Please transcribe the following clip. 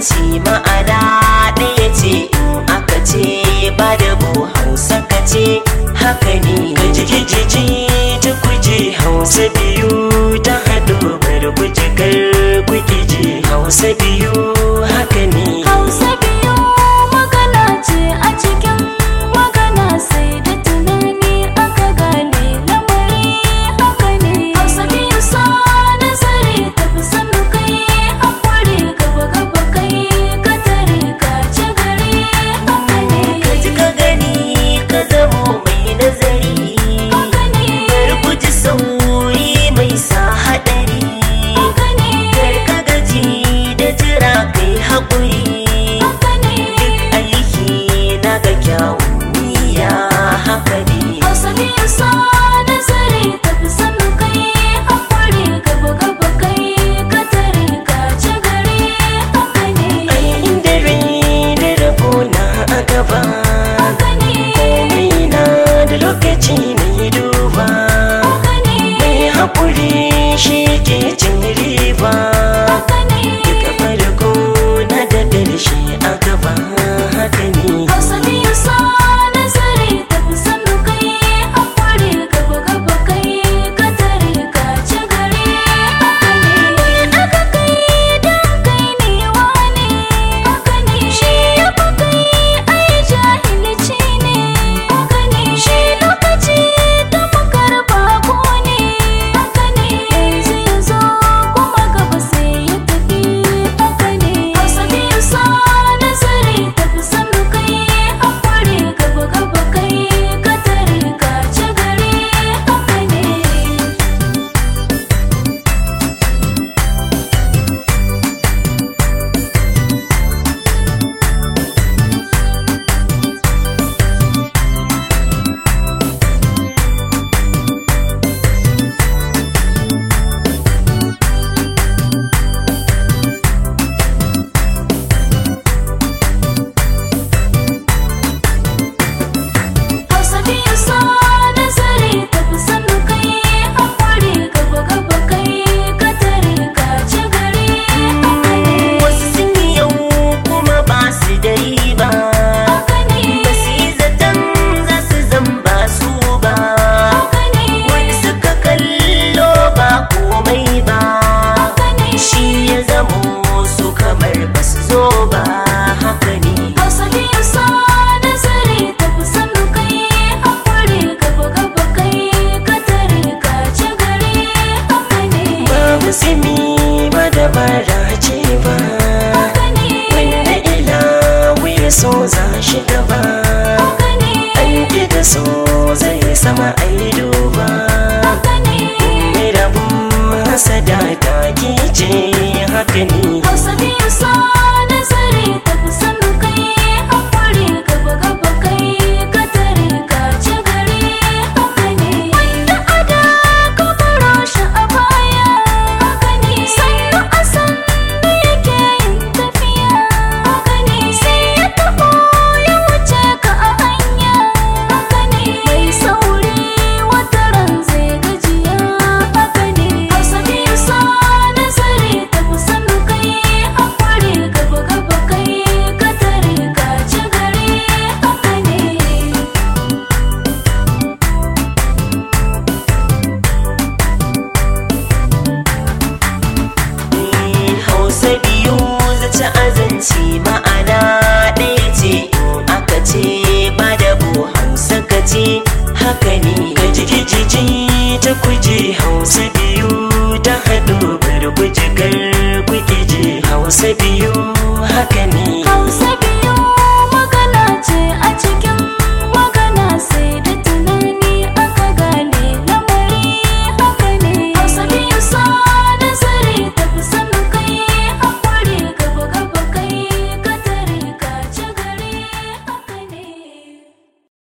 zance shi ke so za shi gaba aiki da so zai sama ai duba mai rabin hasada ta kice 起。